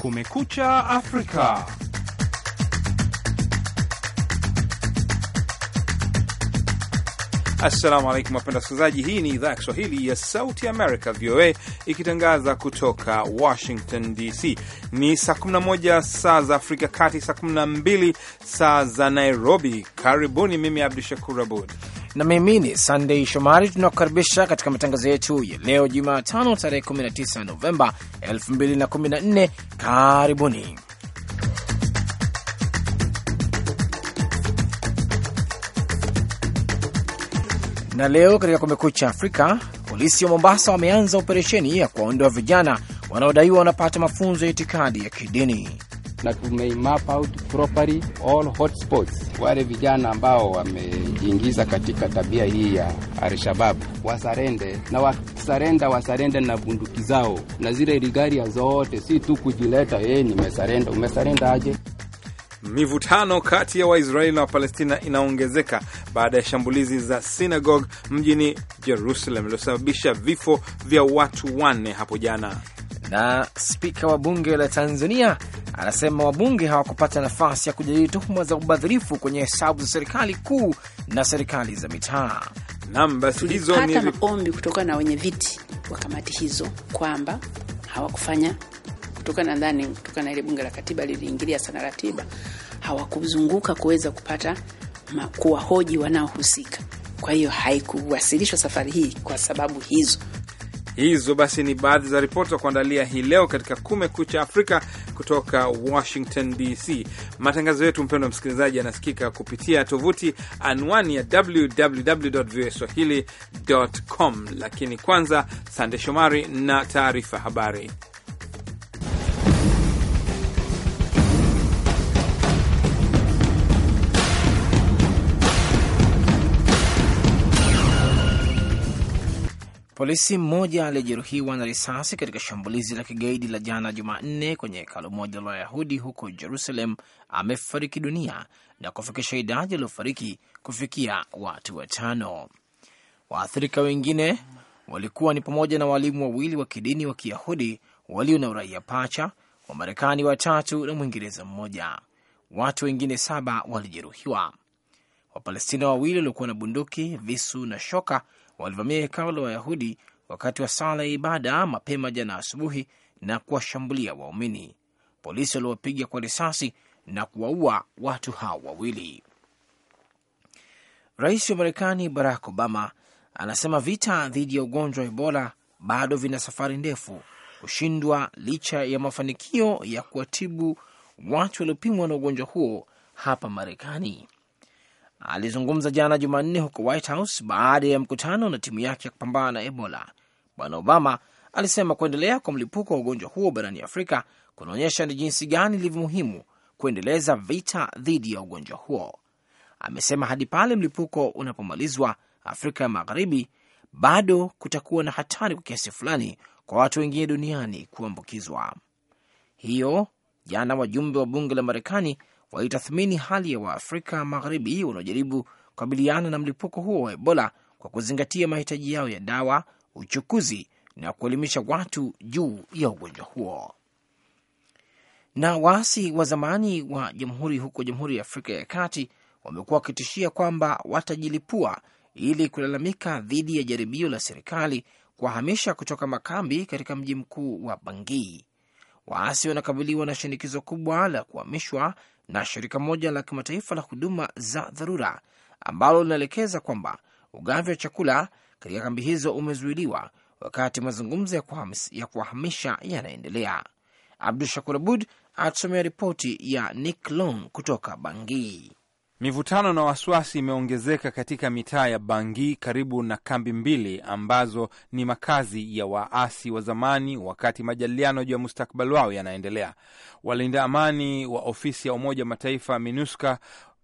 Kumekucha Afrika. Assalamu alaikum wapenda wasikilizaji, hii ni idhaa ya Kiswahili ya Sauti Amerika, VOA, ikitangaza kutoka Washington DC. Ni saa 11 saa za Afrika Kati, saa 12 saa za Nairobi. Karibuni, mimi Abdu Shakur Abud na mimi ni sandey Shomari. Tunakukaribisha katika matangazo yetu ya leo Jumatano tarehe 19 Novemba 2014. Karibuni na leo katika Kumekucha Afrika, polisi wa Mombasa wameanza operesheni ya kuwaondoa vijana wanaodaiwa wanapata mafunzo ya itikadi ya kidini na tumeimap out properly all hotspots. Wale vijana ambao wamejiingiza katika tabia hii ya Alshababu wasarende na wasarenda, wasarende na bunduki zao na zile rigaria zote, si tu kujileta yeye eh, nimesarenda. Umesarenda aje? Mivutano kati ya Waisraeli na Wapalestina inaongezeka baada ya shambulizi za sinagogue mjini Jerusalem iliosababisha vifo vya watu wanne hapo jana na spika wa bunge la Tanzania anasema wabunge hawakupata nafasi ya kujadili tuhuma za ubadhirifu kwenye hesabu za serikali kuu na serikali za mitaa. Naam, basi hizo ni maombi kutoka na wenye viti wa kamati hizo kwamba hawakufanya kutokana, nadhani kutokana na ile bunge la katiba liliingilia sana ratiba, hawakuzunguka kuweza kupata kuwahoji wanaohusika. Kwa hiyo haikuwasilishwa safari hii kwa sababu hizo. Hizo basi ni baadhi za ripoti za kuandalia hii leo katika Kumekucha Afrika kutoka Washington DC. Matangazo yetu, mpendwa msikilizaji, yanasikika kupitia tovuti anwani ya www voa swahili com, lakini kwanza, Sande Shomari na taarifa habari. Polisi mmoja aliyejeruhiwa na risasi katika shambulizi la kigaidi la jana Jumanne kwenye hekalu moja la Wayahudi huko Jerusalem amefariki dunia na kufikisha idadi waliofariki kufikia watu watano. Waathirika wengine walikuwa ni pamoja na waalimu wawili wa kidini wa Kiyahudi walio na uraia pacha, Wamarekani watatu na Mwingereza mmoja. Watu wengine saba walijeruhiwa. Wapalestina wawili waliokuwa na bunduki, visu na shoka walivamia hekalu la Wayahudi wakati wa sala ya ibada mapema jana asubuhi na kuwashambulia waumini. Polisi waliwapiga kwa risasi na kuwaua watu hao wawili. Rais wa Marekani Barack Obama anasema vita dhidi ya ugonjwa wa Ebola bado vina safari ndefu kushindwa licha ya mafanikio ya kuwatibu watu waliopimwa na ugonjwa huo hapa Marekani alizungumza jana Jumanne huko White House baada ya mkutano na timu yake ya kupambana na Ebola. Bwana Obama alisema kuendelea kwa mlipuko wa ugonjwa huo barani Afrika kunaonyesha ni jinsi gani ilivyo muhimu kuendeleza vita dhidi ya ugonjwa huo. Amesema hadi pale mlipuko unapomalizwa Afrika ya Magharibi, bado kutakuwa na hatari kwa kiasi fulani kwa watu wengine duniani kuambukizwa. Hiyo jana, wajumbe wa bunge la Marekani walitathmini hali ya Waafrika Magharibi wanaojaribu kukabiliana na mlipuko huo wa Ebola kwa kuzingatia mahitaji yao ya dawa, uchukuzi na kuelimisha watu juu ya ugonjwa huo. Na waasi wa zamani wa jamhuri huko Jamhuri ya Afrika ya Kati wamekuwa wakitishia kwamba watajilipua ili kulalamika dhidi ya jaribio la serikali kuwahamisha kutoka makambi katika mji mkuu wa Bangui. Waasi wanakabiliwa na shinikizo kubwa la kuhamishwa na shirika moja la kimataifa la huduma za dharura ambalo linaelekeza kwamba ugavi wa chakula katika kambi hizo umezuiliwa wakati mazungumzo ya kuwahamisha yanaendelea. Abdu Shakur Abud atusomea ripoti ya Nick Long kutoka Bangii. Mivutano na wasiwasi imeongezeka katika mitaa ya Bangi karibu na kambi mbili ambazo ni makazi ya waasi wa zamani, wakati majadiliano juu ya mustakbali wao yanaendelea. Walinda amani wa ofisi ya Umoja wa Mataifa MINUSCA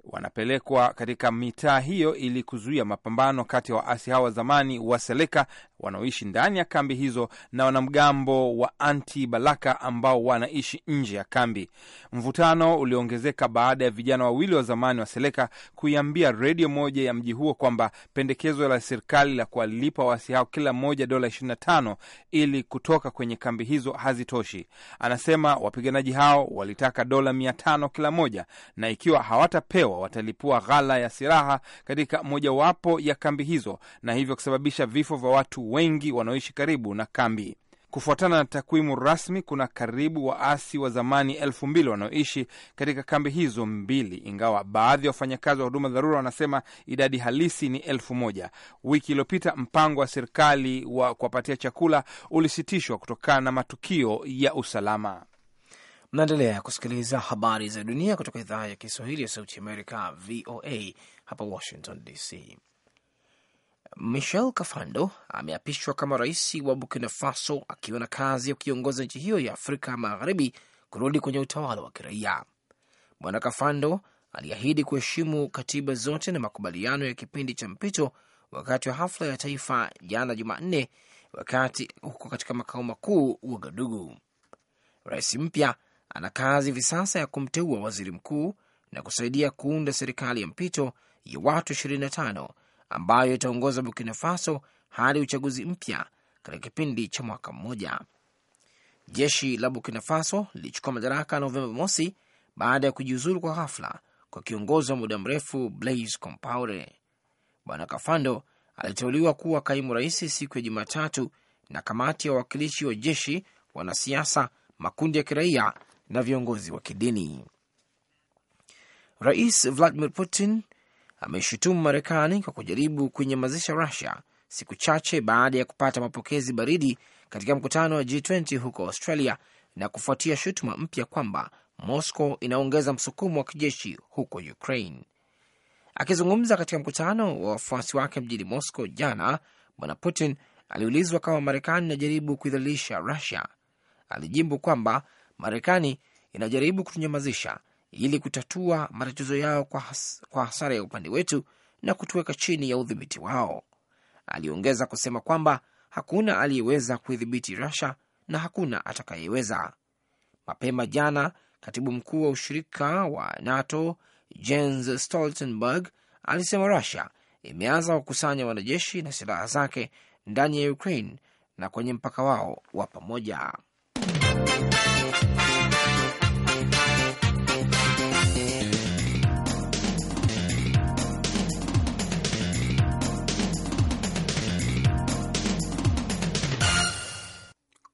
wanapelekwa katika mitaa hiyo ili kuzuia mapambano kati ya waasi hao wa zamani wa Seleka wanaoishi ndani ya kambi hizo na wanamgambo wa Anti Balaka ambao wanaishi nje ya kambi. Mvutano uliongezeka baada ya vijana wawili wa zamani wa Seleka kuiambia redio moja ya mji huo kwamba pendekezo la serikali la kuwalipa waasi hao kila mmoja dola 25 ili kutoka kwenye kambi hizo hazitoshi. Anasema wapiganaji hao walitaka dola 500 kila moja, na ikiwa hawatapewa watalipua ghala ya silaha katika mojawapo ya kambi hizo, na hivyo kusababisha vifo vya watu wengi wanaoishi karibu na kambi. Kufuatana na takwimu rasmi, kuna karibu waasi wa zamani elfu mbili wanaoishi katika kambi hizo mbili, ingawa baadhi ya wafanyakazi wa huduma dharura wanasema idadi halisi ni elfu moja. Wiki iliyopita mpango wa serikali wa kuwapatia chakula ulisitishwa kutokana na matukio ya usalama. Mnaendelea kusikiliza habari za dunia kutoka idhaa ya Kiswahili ya Sauti Amerika, VOA hapa Washington DC. Michel Kafando ameapishwa kama rais wa Burkina Faso akiwa na kazi ya kuiongoza nchi hiyo ya Afrika Magharibi kurudi kwenye utawala wa kiraia. Bwana Kafando aliahidi kuheshimu katiba zote na makubaliano ya kipindi cha mpito wakati wa hafla ya taifa jana Jumanne, wakati huko katika makao makuu Wagadugu. Rais mpya ana kazi hivi sasa ya kumteua waziri mkuu na kusaidia kuunda serikali ya mpito ya watu tano ambayo itaongoza Burkina Faso hadi uchaguzi mpya katika kipindi cha mwaka mmoja. Jeshi la Burkina Faso lilichukua madaraka Novemba mosi baada ya kujiuzulu kwa ghafla kwa kiongozi wa muda mrefu Blaise Compaore. Bwana Kafando aliteuliwa kuwa kaimu rais siku ya Jumatatu na kamati ya wawakilishi wa jeshi, wanasiasa, makundi ya kiraia na viongozi wa kidini. Rais Vladimir Putin ameshutumu Marekani kwa kujaribu kuinyamazisha Rusia siku chache baada ya kupata mapokezi baridi katika mkutano wa G20 huko Australia na kufuatia shutuma mpya kwamba Moscow inaongeza msukumo wa kijeshi huko Ukraine. Akizungumza katika mkutano wa wafuasi wake mjini Moscow jana, bwana Putin aliulizwa kama Marekani inajaribu kuidhalilisha Rusia. Alijibu kwamba Marekani inajaribu kutunyamazisha ili kutatua matatizo yao kwa, has, kwa hasara ya upande wetu na kutuweka chini ya udhibiti wao. Aliongeza kusema kwamba hakuna aliyeweza kuidhibiti rusia na hakuna atakayeweza. Mapema jana, katibu mkuu wa ushirika wa NATO Jens Stoltenberg alisema rusia imeanza kukusanya wanajeshi na silaha zake ndani ya Ukraine na kwenye mpaka wao wa pamoja.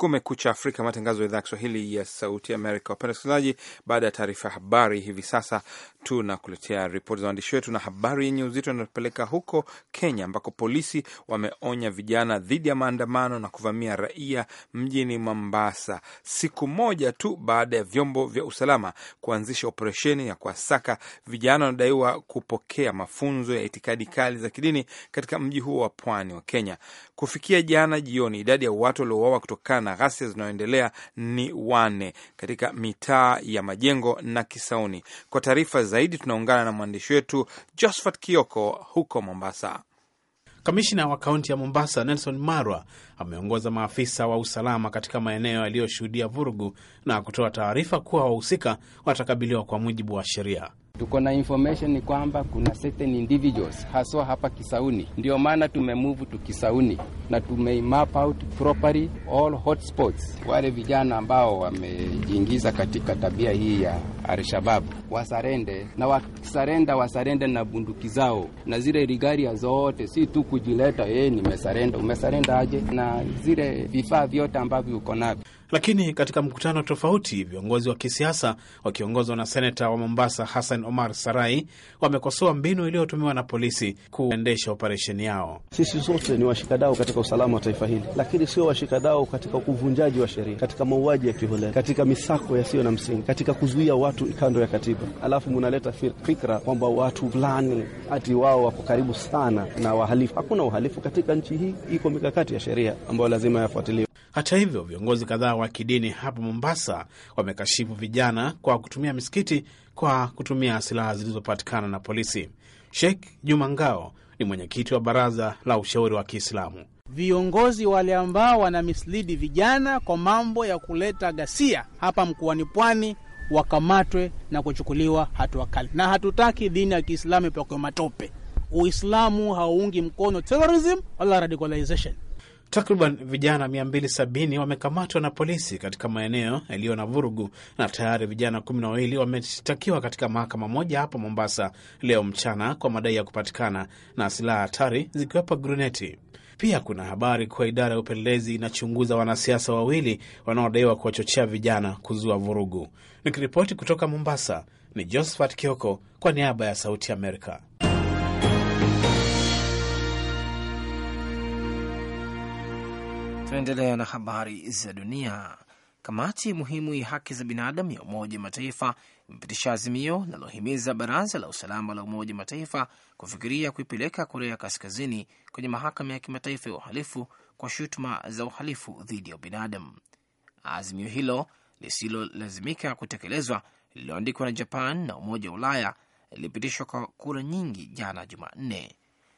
Kumekucha Afrika, matangazo ya idhaa ya Kiswahili ya Sauti Amerika. Wapenda wasikilizaji, baada ya taarifa ya habari, hivi sasa tunakuletea ripoti za waandishi wetu na habari yenye uzito inayopeleka huko Kenya, ambako polisi wameonya vijana dhidi ya maandamano na kuvamia raia mjini Mombasa, siku moja tu baada ya vyombo vya usalama kuanzisha operesheni ya kuwasaka vijana wanadaiwa kupokea mafunzo ya itikadi kali za kidini katika mji huo wa pwani wa Kenya. Kufikia jana jioni, idadi ya watu waliouawa kutokana na ghasia zinayoendelea ni wane katika mitaa ya Majengo na Kisauni. Kwa taarifa zaidi, tunaungana na mwandishi wetu Josphat Kioko huko Mombasa. Kamishina wa kaunti ya Mombasa Nelson Marwa ameongoza maafisa wa usalama katika maeneo yaliyoshuhudia vurugu na kutoa taarifa kuwa wahusika watakabiliwa kwa mujibu wa sheria. Tuko na information kwamba kuna certain individuals haswa hapa Kisauni, ndio maana tumemove to Kisauni na tumeimap out properly all hotspots. Wale vijana ambao wamejiingiza katika tabia hii ya Alshabab wasarende, na wakisarenda wasarende na bunduki zao na zile rigaria zote, si tu kujileta yeye eh, nimesarenda. Umesarenda aje? na zile vifaa vyote ambavyo uko navyo lakini katika mkutano tofauti, viongozi wa kisiasa wakiongozwa na seneta wa Mombasa Hassan Omar Sarai wamekosoa mbinu iliyotumiwa na polisi kuendesha operesheni yao. Sisi sote ni washikadau katika usalama wa taifa hili, lakini sio washikadau katika uvunjaji wa sheria, katika mauaji ya kiholela, katika misako yasiyo na msingi, katika kuzuia watu kando ya katiba, alafu munaleta fikra kwamba watu fulani ati wao wako karibu sana na wahalifu. Hakuna uhalifu katika nchi hii, iko mikakati ya sheria ambayo lazima yafuatiliwe. Hata hivyo, viongozi kadhaa wa kidini hapa Mombasa wamekashifu vijana kwa kutumia misikiti kwa kutumia silaha zilizopatikana na polisi. Sheikh Juma Ngao ni mwenyekiti wa baraza la ushauri wa Kiislamu. Viongozi wale ambao wana mislidi vijana kwa mambo ya kuleta ghasia hapa mkoani Pwani wakamatwe na kuchukuliwa hatua kali, na hatutaki dini ya Kiislamu ipakwe matope. Uislamu hauungi mkono terrorism wala radicalization. Takriban vijana 270 wamekamatwa na polisi katika maeneo yaliyo na vurugu na tayari vijana kumi na wawili wameshtakiwa katika mahakama moja hapo Mombasa leo mchana kwa madai ya kupatikana na silaha hatari zikiwepo gruneti. Pia kuna habari kuwa idara ya upelelezi inachunguza wanasiasa wawili wanaodaiwa kuwachochea vijana kuzua vurugu. Nikiripoti kutoka Mombasa ni Josephat Kioko kwa niaba ya Sauti Amerika. Tunaendelea na habari za dunia. Kamati muhimu ya haki za binadamu ya Umoja wa Mataifa imepitisha azimio linalohimiza Baraza la Usalama la Umoja wa Mataifa kufikiria kuipeleka Korea Kaskazini kwenye Mahakama ya Kimataifa ya Uhalifu kwa shutuma za uhalifu dhidi ya ubinadam Azimio hilo lisilolazimika kutekelezwa lililoandikwa na Japan na Umoja wa Ulaya lilipitishwa kwa kura nyingi jana Jumanne.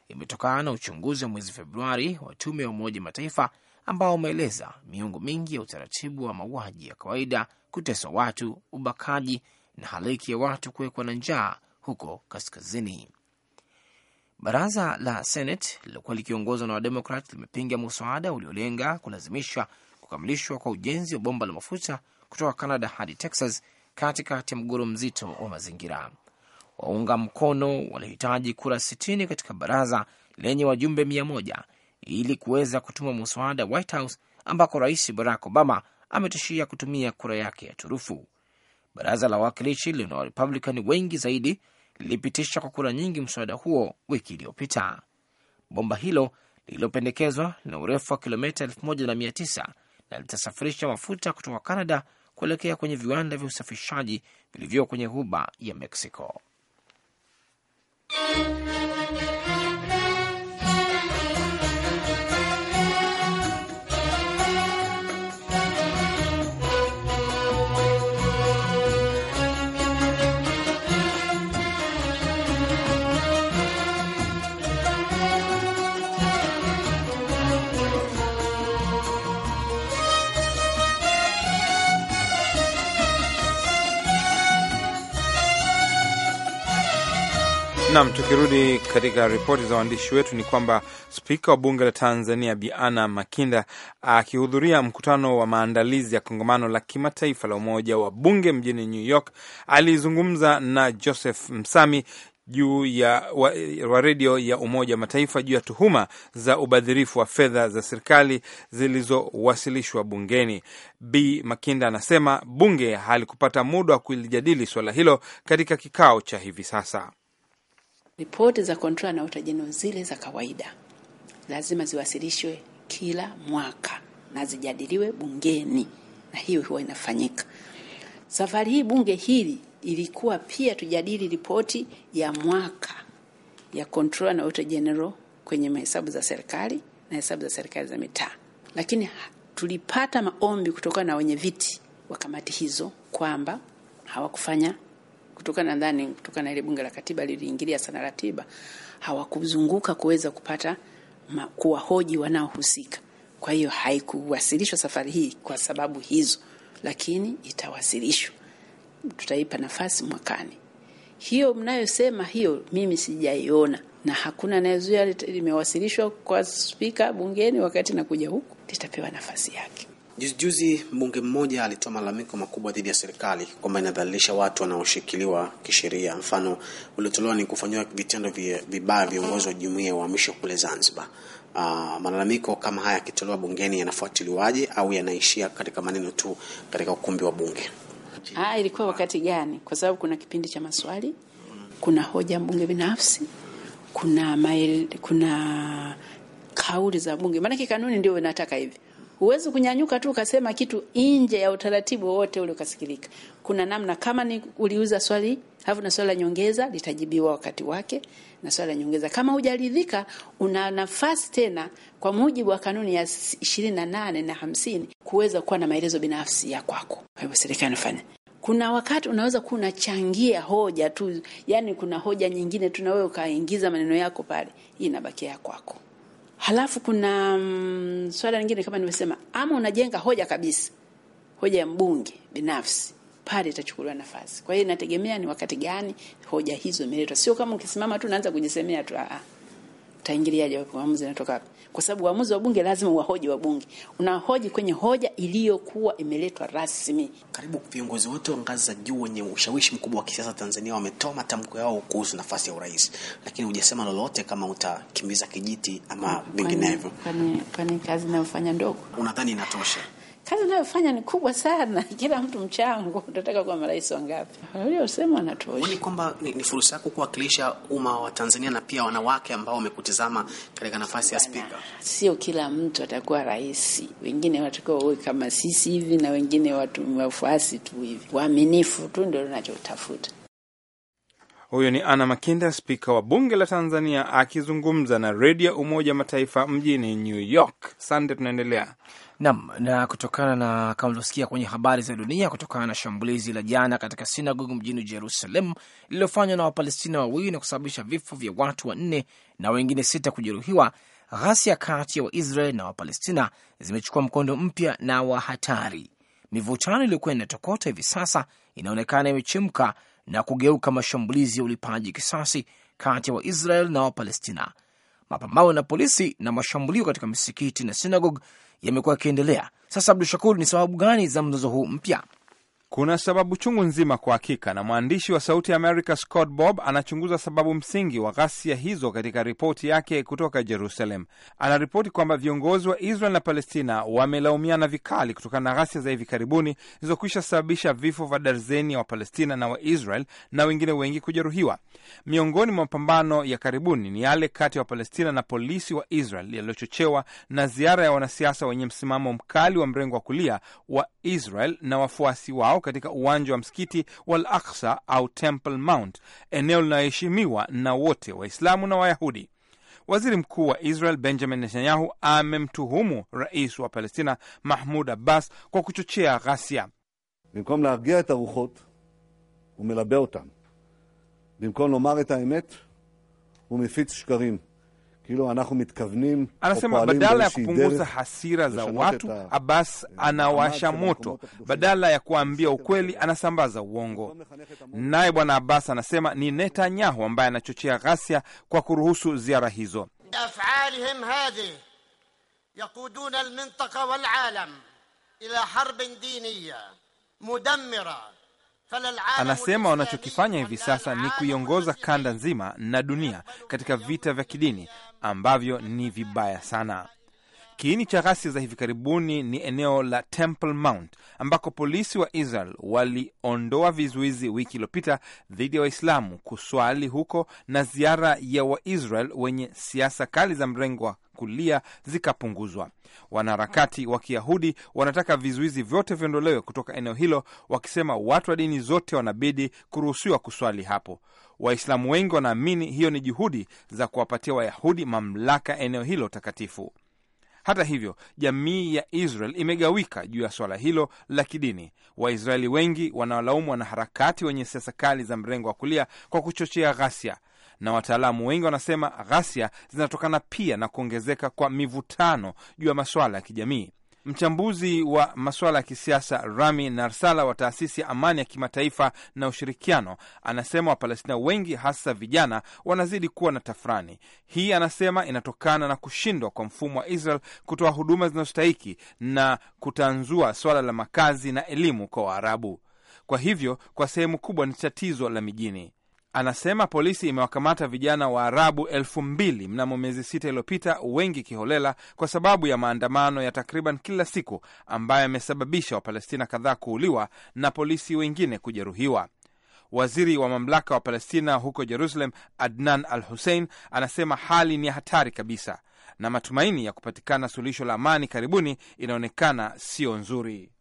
Imetokana na uchunguzi wa mwezi Februari wa tume ya Umoja Mataifa ambao umeeleza miungu mingi ya utaratibu wa mauaji ya kawaida, kuteswa watu, ubakaji na halaiki ya watu kuwekwa na njaa huko kaskazini. Baraza la Senate lilokuwa likiongozwa na Wademokrat limepinga muswada uliolenga kulazimisha kukamilishwa kwa ujenzi wa bomba la mafuta kutoka Canada hadi Texas katikati ya mgogoro mzito wa mazingira. Waunga mkono walihitaji kura 60 katika baraza lenye wajumbe mia moja ili kuweza kutuma muswada White House ambako Rais Barack Obama ametishia kutumia kura yake ya turufu. Baraza la Wawakilishi lina Warepublikani wengi zaidi lilipitisha kwa kura nyingi mswada huo wiki iliyopita. Bomba hilo lililopendekezwa lina urefu wa kilomita 1900 na litasafirisha mafuta kutoka Canada kuelekea kwenye viwanda vya usafishaji vilivyo kwenye ghuba ya Mexico. Nam, tukirudi katika ripoti za waandishi wetu ni kwamba spika wa bunge la Tanzania Biana Makinda akihudhuria mkutano wa maandalizi ya kongamano la kimataifa la umoja wa bunge mjini New York alizungumza na Joseph Msami juu ya wa, wa redio ya Umoja wa Mataifa juu ya tuhuma za ubadhirifu wa fedha za serikali zilizowasilishwa bungeni. B Makinda anasema bunge halikupata muda wa kulijadili suala hilo katika kikao cha hivi sasa. Ripoti za kontrola na utajeno zile za kawaida lazima ziwasilishwe kila mwaka na zijadiliwe bungeni, na hiyo huwa inafanyika. Safari hii bunge hili ilikuwa pia tujadili ripoti ya mwaka ya kontrola na auditor general kwenye mahesabu za serikali na hesabu za serikali za mitaa, lakini tulipata maombi kutoka na wenye viti wa kamati hizo kwamba hawakufanya kutokana nadhani kutokana ile bunge la katiba liliingilia sana ratiba, hawakuzunguka kuweza kupata kuwahoji wanaohusika. Kwa hiyo haikuwasilishwa safari hii kwa sababu hizo, lakini itawasilishwa, tutaipa nafasi mwakani. Hiyo mnayosema hiyo, mimi sijaiona na hakuna anayezuia, limewasilishwa kwa spika bungeni, wakati nakuja huku litapewa nafasi yake. Juzi juzi mbunge mmoja alitoa malalamiko makubwa dhidi ya serikali kwamba inadhalilisha watu wanaoshikiliwa kisheria. Mfano uliotolewa ni kufanyiwa vitendo vibaya viongozi wa jumuiya ya uhamisho kule Zanzibar. Uh, malalamiko kama haya yakitolewa bungeni yanafuatiliwaje au yanaishia katika maneno tu katika ukumbi wa bunge? Ah, ilikuwa wakati gani? Kwa sababu kuna kipindi cha maswali, kuna hoja mbunge binafsi, kuna mail, kuna kauli za bunge, maanake kanuni ndio inataka hivi Huwezi kunyanyuka tu ukasema kitu nje ya utaratibu wowote ule ukasikilika. Kuna namna, kama ni uliuza swali hafu na swali la nyongeza litajibiwa wakati wake na swali la nyongeza. Kama hujaridhika, una nafasi tena kwa mujibu wa kanuni ya ishirini na nane na hamsini kuweza kuwa na maelezo binafsi ya kwako. Kwa hivyo serikali inafanya kuna wakati unaweza kuwa unachangia hoja tu, yani kuna hoja nyingine tu na wewe ukaingiza maneno yako pale, hii inabakia ya kwako. Halafu kuna mm, swala lingine kama nimesema, ama unajenga hoja kabisa, hoja ya mbunge binafsi pale itachukuliwa nafasi. Kwa hiyo inategemea ni wakati gani hoja hizo imeletwa, sio kama ukisimama tu unaanza kujisemea tu. Ah, ah utaingiliaje waamuzi wanatoka wapi? Kwa sababu waamuzi wa bunge lazima wahoji wa bunge, unahoji kwenye hoja iliyokuwa imeletwa rasmi. Karibu viongozi wote wa ngazi za juu wenye ushawishi mkubwa wa kisiasa Tanzania wametoa matamko yao kuhusu nafasi ya urais, lakini hujasema lolote kama utakimbiza kijiti ama vinginevyo. Kwani kazi inayofanya ndogo, unadhani inatosha? Kazi unayofanya ni kubwa sana, kila mtu mchango. Utataka kuwa marais wangapi? Uliosema anatosha. Ni kwamba ni, ni fursa yako kuwakilisha umma wa Tanzania na pia wanawake ambao wamekutizama katika nafasi ya spika. Sio kila mtu atakuwa rais, wengine watakuwa uwe kama sisi hivi na wengine watu wafuasi tu hivi. waaminifu tu ndio unachotafuta. Huyo ni Ana Makinda, spika wa bunge la Tanzania akizungumza na redio ya Umoja Mataifa mjini New York. Sande, tunaendelea Nam, na kutokana na kama ulivyosikia kwenye habari za dunia, kutokana na shambulizi la jana katika sinagogi mjini Jerusalem lililofanywa na Wapalestina wawili na kusababisha vifo vya watu wanne na wengine sita kujeruhiwa, ghasia kati ya Waisrael na Wapalestina zimechukua mkondo mpya na wa hatari. Mivutano iliyokuwa inatokota hivi sasa inaonekana imechemka na kugeuka mashambulizi ya ulipaji kisasi kati ya Waisrael na Wapalestina. Mapambano na polisi na mashambulio katika misikiti na sinagog yamekuwa yakiendelea. Sasa, Abdu Shakur, ni sababu gani za mzozo huu mpya? Kuna sababu chungu nzima kwa hakika, na mwandishi wa Sauti ya America Scott Bob anachunguza sababu msingi wa ghasia hizo katika ripoti yake kutoka Jerusalem. Anaripoti kwamba viongozi wa Israel na Palestina wamelaumiana vikali kutokana na ghasia za hivi karibuni zilizokwisha sababisha vifo vya darzeni ya Wapalestina na Waisrael na wengine wengi kujeruhiwa. Miongoni mwa mapambano ya karibuni ni yale kati ya wa Wapalestina na polisi wa Israel yaliyochochewa na ziara ya wanasiasa wenye msimamo mkali wa mrengo wa kulia wa Israel na wafuasi wao katika uwanja wa msikiti wa Al Aksa au Temple Mount, eneo linaloheshimiwa na wote Waislamu na Wayahudi. Waziri mkuu wa Israel Benjamin Netanyahu amemtuhumu rais wa Palestina Mahmud Abbas kwa kuchochea ghasia. Bimkom laargia et aruchot umelabea otam bimkom lomar et haemet umefiz shkarim Anasema badala ya kupunguza hasira za watu, Abbas anawasha moto. Badala ya kuambia ukweli, anasambaza uongo. Naye bwana Abbas anasema ni Netanyahu ambaye anachochea ghasia kwa kuruhusu ziara hizo. Anasema wanachokifanya hivi sasa ni kuiongoza kanda nzima na dunia katika vita vya kidini ambavyo ni vibaya sana. Kiini cha ghasia za hivi karibuni ni eneo la Temple Mount ambako polisi wa Israel waliondoa vizuizi wiki iliyopita dhidi ya wa Waislamu kuswali huko na ziara ya Waisrael wenye siasa kali za mrengo wa kulia zikapunguzwa. Wanaharakati wa Kiyahudi wanataka vizuizi vyote viondolewe kutoka eneo hilo, wakisema watu wa dini zote wanabidi kuruhusiwa kuswali hapo. Waislamu wengi wanaamini hiyo ni juhudi za kuwapatia Wayahudi mamlaka eneo hilo takatifu. Hata hivyo, jamii ya Israel imegawika juu ya swala hilo la kidini. Waisraeli wengi wanawalaumu wanaharakati wenye siasa kali za mrengo wa kulia kwa kuchochea ghasia na wataalamu wengi wanasema ghasia zinatokana pia na kuongezeka kwa mivutano juu ya masuala ya kijamii. Mchambuzi wa masuala ya kisiasa Rami Narsala wa taasisi ya amani ya kimataifa na ushirikiano anasema Wapalestina wengi hasa vijana wanazidi kuwa na tafrani hii. Anasema inatokana na kushindwa kwa mfumo wa Israel kutoa huduma zinazostahiki na kutanzua swala la makazi na elimu kwa Waarabu. Kwa hivyo, kwa sehemu kubwa ni tatizo la mijini. Anasema polisi imewakamata vijana wa Arabu elfu mbili mnamo miezi sita iliyopita, wengi kiholela, kwa sababu ya maandamano ya takriban kila siku ambayo yamesababisha Wapalestina kadhaa kuuliwa na polisi wengine kujeruhiwa. Waziri wa mamlaka wa Palestina huko Jerusalem, Adnan Al Hussein, anasema hali ni hatari kabisa na matumaini ya kupatikana suluhisho la amani karibuni inaonekana sio nzuri.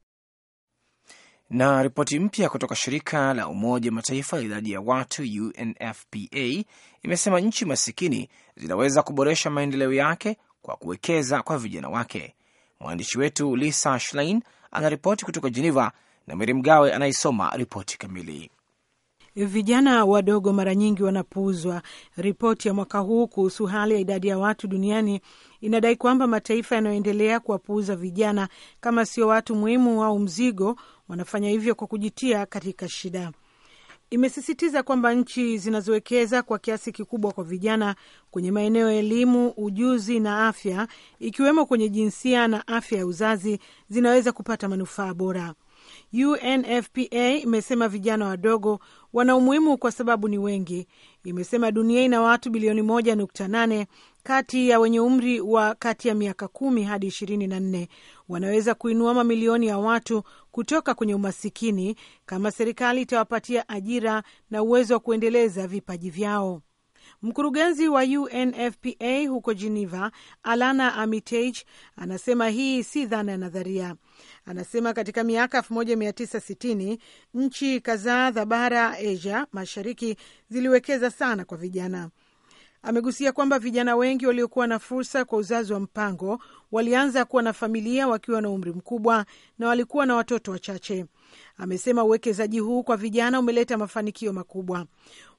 Na ripoti mpya kutoka shirika la Umoja wa Mataifa la idadi ya watu UNFPA imesema nchi masikini zinaweza kuboresha maendeleo yake kwa kuwekeza kwa vijana wake. Mwandishi wetu Lisa Schlein anaripoti kutoka Geneva na Meri Mgawe anayesoma ripoti kamili. Vijana wadogo mara nyingi wanapuuzwa. Ripoti ya mwaka huu kuhusu hali ya idadi ya watu duniani inadai kwamba mataifa yanayoendelea kuwapuuza vijana kama sio watu muhimu au mzigo wanafanya hivyo kwa kujitia katika shida. Imesisitiza kwamba nchi zinazowekeza kwa kiasi kikubwa kwa vijana kwenye maeneo ya elimu, ujuzi na afya, ikiwemo kwenye jinsia na afya ya uzazi, zinaweza kupata manufaa bora. UNFPA imesema vijana wadogo wana umuhimu kwa sababu ni wengi. Imesema dunia ina watu bilioni moja nukta nane kati ya wenye umri wa kati ya miaka kumi hadi ishirini na nne wanaweza kuinua mamilioni ya watu kutoka kwenye umasikini kama serikali itawapatia ajira na uwezo wa kuendeleza vipaji vyao. Mkurugenzi wa UNFPA huko Geneva, Alana Armitage, anasema hii si dhana ya nadharia. Anasema katika miaka 1960 nchi kadhaa za bara Asia Mashariki ziliwekeza sana kwa vijana. Amegusia kwamba vijana wengi waliokuwa na fursa kwa uzazi wa mpango walianza kuwa na familia wakiwa na umri mkubwa na walikuwa na watoto wachache. Amesema uwekezaji huu kwa vijana umeleta mafanikio makubwa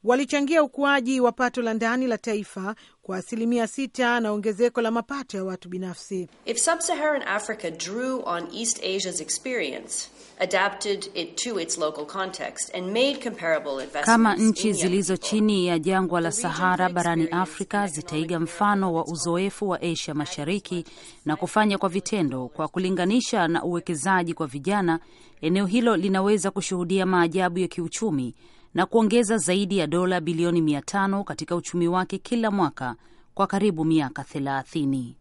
walichangia ukuaji wa pato la ndani la taifa kwa asilimia sita na ongezeko la mapato ya watu binafsi. If Sub-Saharan Africa drew on East Asia's experience adapted it to its local context and made comparable investments. Kama nchi zilizo chini ya jangwa la Sahara barani Afrika zitaiga mfano wa uzoefu wa Asia Mashariki na kufanya kwa vitendo kwa kulinganisha na uwekezaji kwa vijana, eneo hilo linaweza kushuhudia maajabu ya kiuchumi na kuongeza zaidi ya dola bilioni mia tano katika uchumi wake kila mwaka kwa karibu miaka thelathini.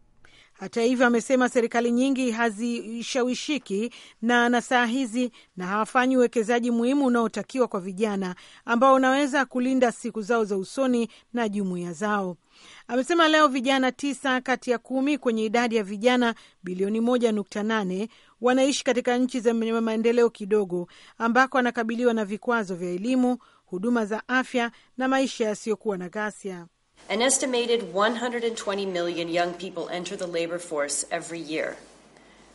Hata hivyo, amesema serikali nyingi hazishawishiki na na saa hizi na hawafanyi uwekezaji muhimu unaotakiwa kwa vijana ambao unaweza kulinda siku zao za usoni na jumuiya zao. Amesema leo vijana tisa kati ya kumi kwenye idadi ya vijana bilioni moja nukta nane wanaishi katika nchi zenye maendeleo kidogo, ambako wanakabiliwa na vikwazo vya elimu, huduma za afya na maisha yasiyokuwa na ghasia. An estimated 120 million young people enter the labor force every year.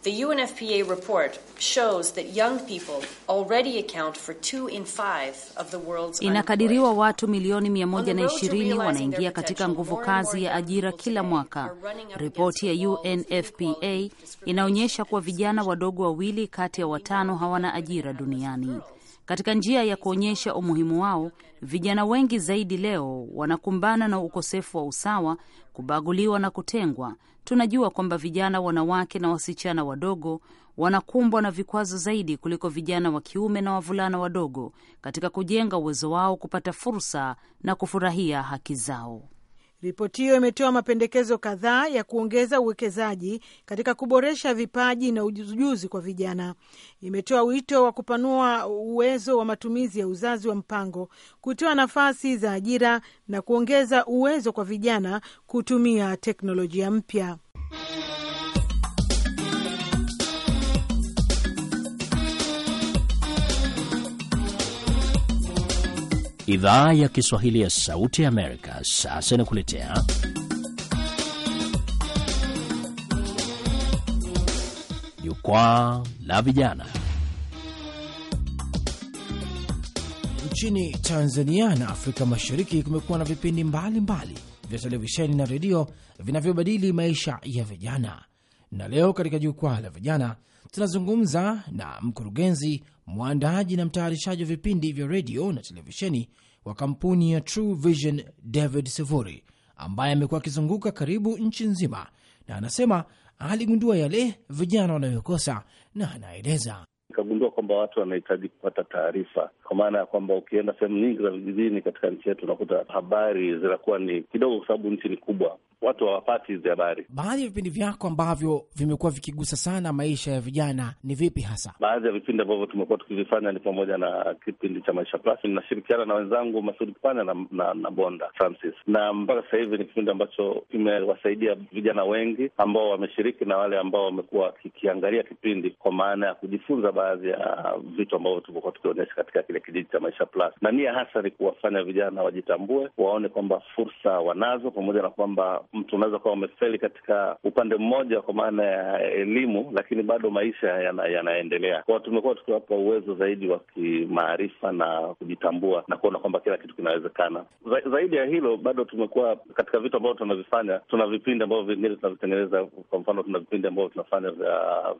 The UNFPA report shows that young people already account for two in five of the world's unemployed. inakadiriwa watu milioni 120 wanaingia katika nguvu kazi ya ajira kila mwaka. Ripoti ya UNFPA inaonyesha kuwa vijana wadogo wawili kati ya watano hawana ajira duniani. Katika njia ya kuonyesha umuhimu wao, vijana wengi zaidi leo wanakumbana na ukosefu wa usawa, kubaguliwa na kutengwa. Tunajua kwamba vijana wanawake na wasichana wadogo wanakumbwa na vikwazo zaidi kuliko vijana wa kiume na wavulana wadogo katika kujenga uwezo wao kupata fursa na kufurahia haki zao. Ripoti hiyo imetoa mapendekezo kadhaa ya kuongeza uwekezaji katika kuboresha vipaji na ujuzi kwa vijana. Imetoa wito wa kupanua uwezo wa matumizi ya uzazi wa mpango, kutoa nafasi za ajira na kuongeza uwezo kwa vijana kutumia teknolojia mpya. Idhaa ya Kiswahili ya Sauti ya Amerika sasa inakuletea jukwaa la vijana. Nchini Tanzania na Afrika Mashariki kumekuwa na vipindi mbalimbali vya televisheni na redio vinavyobadili maisha ya vijana, na leo katika jukwaa la vijana Tunazungumza na mkurugenzi mwandaaji na mtayarishaji wa vipindi vya redio na televisheni wa kampuni ya True Vision David Sevuri, ambaye amekuwa akizunguka karibu nchi nzima, na anasema aligundua yale vijana wanayokosa, na anaeleza Nikagundua kwamba watu wanahitaji kupata taarifa, kwa maana ya kwamba ukienda sehemu nyingi za vijijini katika nchi yetu unakuta habari zinakuwa ni kidogo, kwa sababu nchi ni kubwa, watu hawapati hizi habari. Baadhi ya vipindi vyako ambavyo vimekuwa vikigusa sana maisha ya vijana ni vipi hasa? Baadhi ya vipindi ambavyo tumekuwa tukivifanya ni pamoja na kipindi cha Maisha Plus. Ninashirikiana na wenzangu Masudi Kipanya na, na, na Bonda Francis, na mpaka sasa hivi ni kipindi ambacho kimewasaidia vijana wengi ambao wameshiriki na wale ambao wamekuwa wakikiangalia kipindi, kwa maana ya kujifunza baadhi ya vitu ambavyo tulivyokuwa tukionyesha katika kile kijiji cha Maisha Plus, na nia hasa ni kuwafanya vijana wajitambue, waone kwamba fursa wanazo, pamoja na kwamba mtu unaweza kuwa umefeli katika upande mmoja kwa maana ya elimu, lakini bado maisha yana, yanaendelea kwao. Tumekuwa tukiwapa uwezo zaidi wa kimaarifa na kujitambua na kuona kwamba kila kitu kinawezekana. Za, zaidi ya hilo bado tumekuwa katika vitu ambavyo tunavifanya, tuna vipindi ambavyo vingine tunavitengeneza. Kwa mfano, tuna vipindi ambavyo tunafanya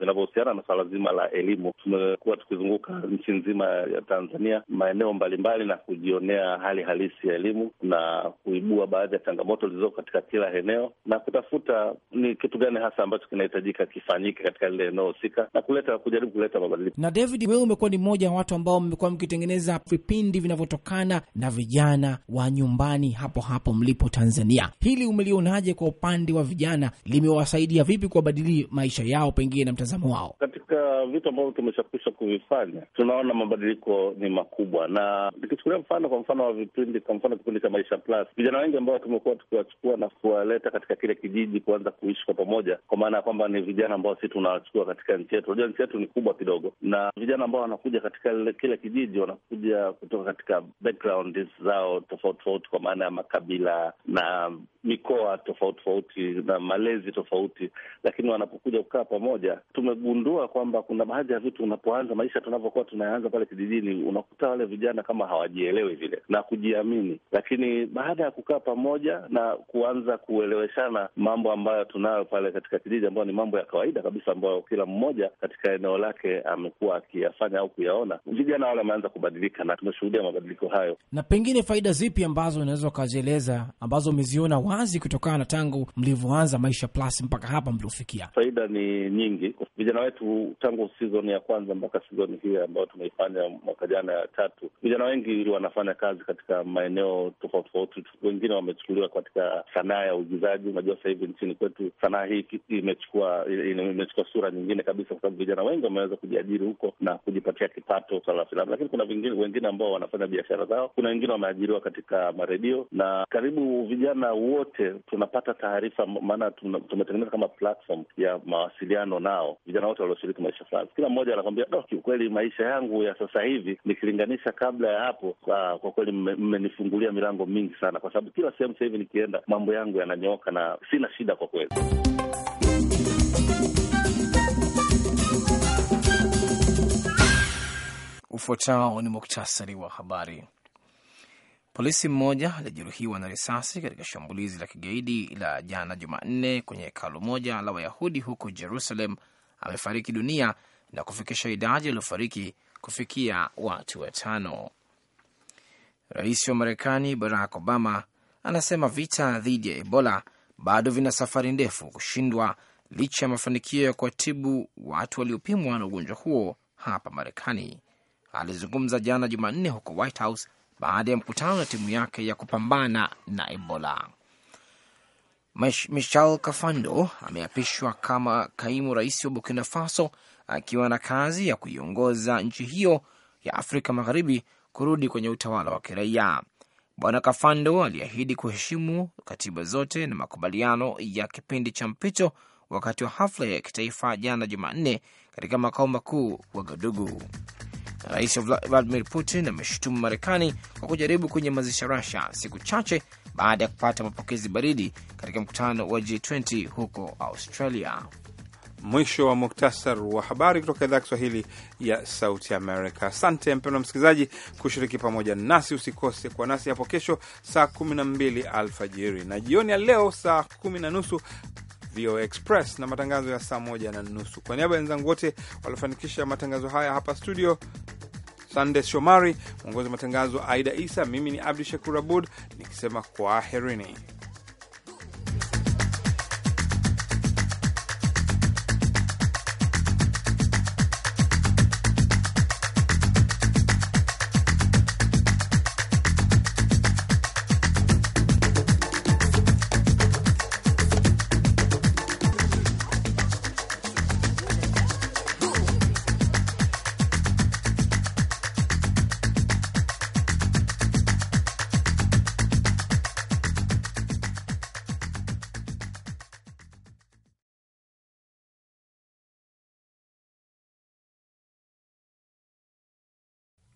vinavyohusiana na swala zima la elimu tumekuwa tukizunguka nchi nzima ya Tanzania, maeneo mbalimbali, na kujionea hali halisi ya elimu na kuibua baadhi ya changamoto zilizoko katika kila eneo na kutafuta ni kitu gani hasa ambacho kinahitajika kifanyike katika lile eneo husika na kuleta kujaribu kuleta mabadiliko. Na David, wewe umekuwa ni mmoja wa watu ambao mmekuwa mkitengeneza vipindi vinavyotokana na vijana wa nyumbani hapo hapo mlipo Tanzania. Hili umelionaje kwa upande wa vijana, limewasaidia vipi kuwabadili maisha yao pengine na mtazamo wao katika vitu ambavyo tume tushakwisha kuvifanya, tunaona mabadiliko ni makubwa. Na nikichukulia mfano, kwa mfano wa vipindi, kwa mfano kipindi cha Maisha Plus, vijana wengi ambao tumekuwa tukiwachukua na kuwaleta katika kile kijiji kuanza kuishi kwa pamoja, kwa maana ya kwamba ni vijana ambao si tunawachukua katika nchi yetu. Unajua nchi yetu ni kubwa kidogo, na vijana ambao wanakuja katika kile kijiji wanakuja kutoka katika background zao tofauti tofauti, kwa maana ya makabila na mikoa tofauti tofauti na malezi tofauti, lakini wanapokuja kukaa pamoja, tumegundua kwamba kuna baadhi ya vitu tunapoanza maisha tunavyokuwa tunayaanza pale kijijini, unakuta wale vijana kama hawajielewi vile na kujiamini, lakini baada ya kukaa pamoja na kuanza kueleweshana mambo ambayo tunayo pale katika kijiji, ambayo ni mambo ya kawaida kabisa, ambayo kila mmoja katika eneo lake amekuwa akiyafanya au kuyaona, vijana wale wameanza kubadilika na tumeshuhudia mabadiliko hayo. Na pengine faida zipi ambazo unaweza ukazieleza ambazo umeziona wazi kutokana na tangu mlivyoanza Maisha Plus mpaka hapa mliofikia? Faida ni nyingi. Vijana wetu tangu sizoni ya kwanza kwanza mpaka sizoni hii ambayo tumeifanya mwaka jana ya tatu, vijana wengi wanafanya kazi katika maeneo tofauti tofauti. Wengine wamechukuliwa katika sanaa ya uigizaji. Unajua, sasa hivi nchini kwetu sanaa hii imechukua imechukua sura nyingine kabisa, kwa sababu vijana wengi wameweza kujiajiri huko na kujipatia kipato sala la filamu, lakini kuna wengine ambao wanafanya biashara zao, kuna wengine wameajiriwa katika maredio, na karibu vijana wote tunapata taarifa, maana tumetengeneza kama platform ya mawasiliano nao vijana wote walioshiriki maisha fulani, kila mmoja nakwambia do, oh, kiukweli maisha yangu ya sasa hivi nikilinganisha kabla ya hapo, kwa, ah, kwa kweli mmenifungulia milango mingi sana, kwa sababu kila sehemu sasa hivi nikienda mambo yangu yananyooka na sina shida kwa kweli. Ufuatao ni muktasari wa habari. Polisi mmoja alijeruhiwa na risasi katika shambulizi la kigaidi la jana Jumanne kwenye hekalu moja la Wayahudi huko Jerusalem amefariki dunia na kufikisha idadi waliofariki kufikia watu watano. Rais wa Marekani Barack Obama anasema vita dhidi ya Ebola bado vina safari ndefu kushindwa licha ya mafanikio ya kuwatibu watu waliopimwa na ugonjwa huo hapa Marekani. Alizungumza jana Jumanne huko White House baada ya mkutano na timu yake ya kupambana na Ebola. Michel Kafando ameapishwa kama kaimu rais wa Burkina Faso akiwa na kazi ya kuiongoza nchi hiyo ya Afrika Magharibi kurudi kwenye utawala wa kiraia. Bwana Kafando aliahidi kuheshimu katiba zote na makubaliano ya kipindi cha mpito wakati wa hafla ya kitaifa jana Jumanne katika makao makuu wa gadugu Rais Vladimir Putin ameshutumu Marekani kwa kujaribu kunyamazisha Rusia siku chache baada ya kupata mapokezi baridi katika mkutano wa G20 huko Australia. Mwisho wa muktasar wa habari kutoka idhaa ya Kiswahili ya Sauti Amerika. Asante mpendwa msikilizaji kushiriki pamoja nasi. Usikose kwa nasi hapo kesho saa 12 alfajiri na jioni ya leo saa kumi na nusu VOA Express na matangazo ya saa moja na nusu. Kwa niaba ya wenzangu wote waliofanikisha matangazo haya hapa studio, Sande Shomari mwongozi wa matangazo, Aida Isa, mimi ni Abdu Shakur Abud nikisema kwaherini.